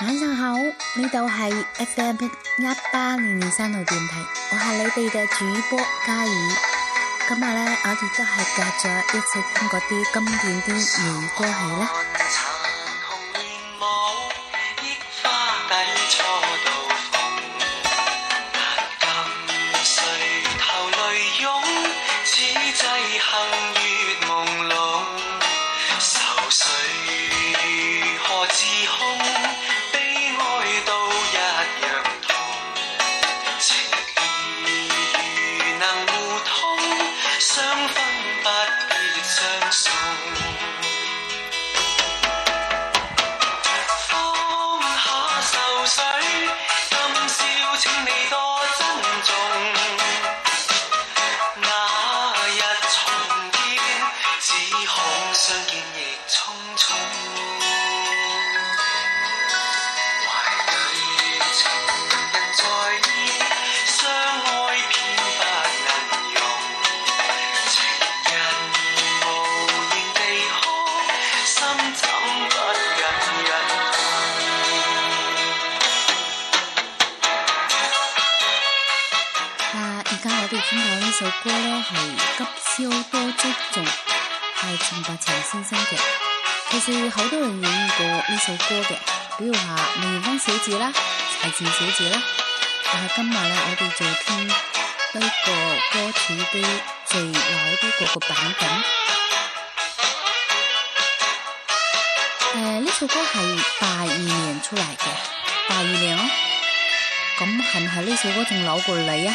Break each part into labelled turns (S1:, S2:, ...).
S1: 晚上好，呢度係 FM 一八零零三號電台，我係你哋嘅主播嘉爾。今日呢，我哋都係繼續聽嗰啲經典啲粵語歌曲。這首歌呢，係《今宵多珍重》，係陳百強先生嘅。其實好多人演繹過呢首歌嘅，比如話梅艷芳小姐啦、蔡琴、啊、小姐啦。但係今日呢，我哋就聽呢個歌曲嘅最老啲嗰個版本。誒、呃，呢首歌係八二年出嚟嘅，八二年哦。咁係唔係呢首歌仲老過你啊？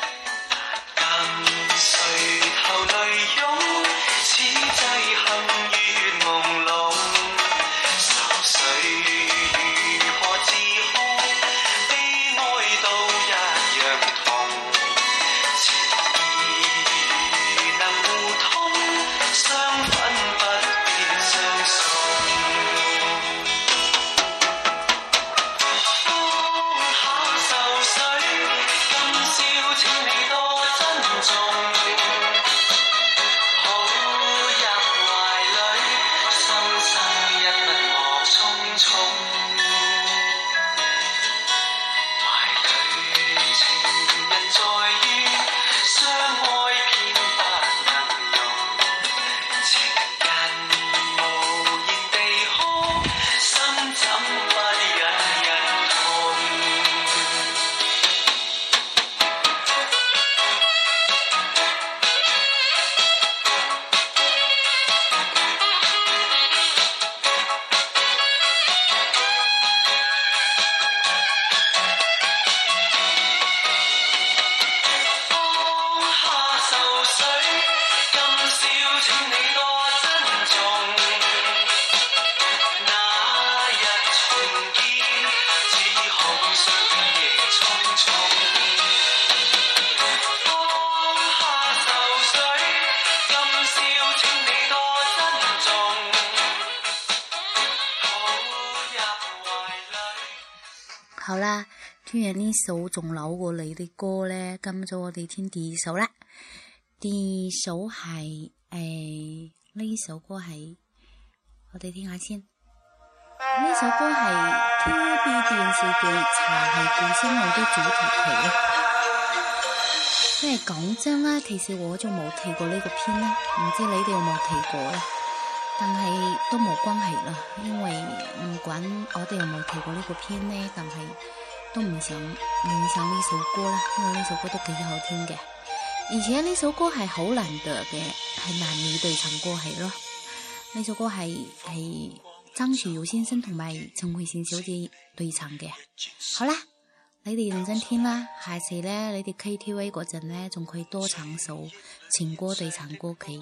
S1: 聽日呢首仲扭過你啲歌咧，今早我哋聽第二首啦。第二首係誒呢首歌係，我哋聽下先。呢首歌係 TVB 電視劇《茶是故鄉濃》嘅主題曲。即係講真啦，其實我就冇睇過呢個片呢，唔知你哋有冇睇過咧？但係都冇關係啦，因為唔管我哋有冇睇過呢個片呢，但係，都唔想唔想呢首歌啦，因為呢首歌都幾好聽嘅，而且呢首歌係好難得嘅，係男女對唱歌曲咯。呢首歌係係張學友先生同埋陳慧嫻小姐對唱嘅。好啦，你哋認真聽啦，下次呢，你哋 KTV 嗰陣呢，仲可以多唱首情歌對唱歌
S2: 曲。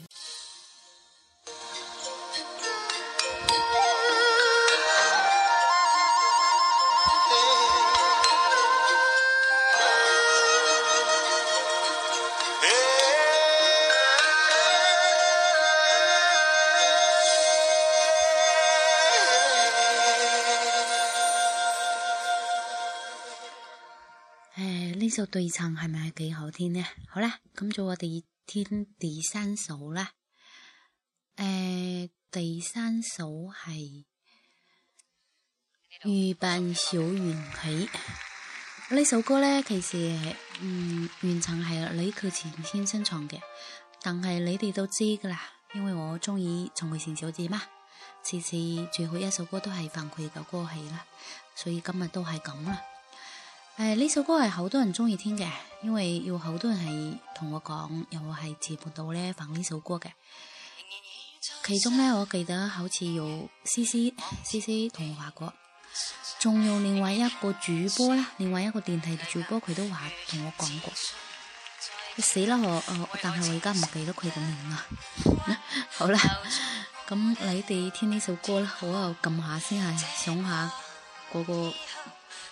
S1: 呢首對唱係咪幾好聽咧？好啦，咁做我第二天第三首啦。誒，第三首係《月半小夜曲》。呢首歌咧，其實係嗯，原唱係李克勤先生唱嘅，但係你哋都知噶啦，因為我中意陳慧嫻小姐嘛，次次最後一首歌都係放佢嘅歌起啦，所以今日都係咁啦。誒，呢首歌係好多人中意聽嘅，因為有好多人係同我講，又係接播到咧放呢首歌嘅。其中咧，我記得好似有 C C C C 同我話過，仲有另外一個主播啦，另外一個電台嘅主播，佢都話同我講過。死啦我，呃，但係我而家唔記得佢個名啦。 好啦，咁你哋聽呢首歌啦，好啊，我撳下先係，想下嗰個。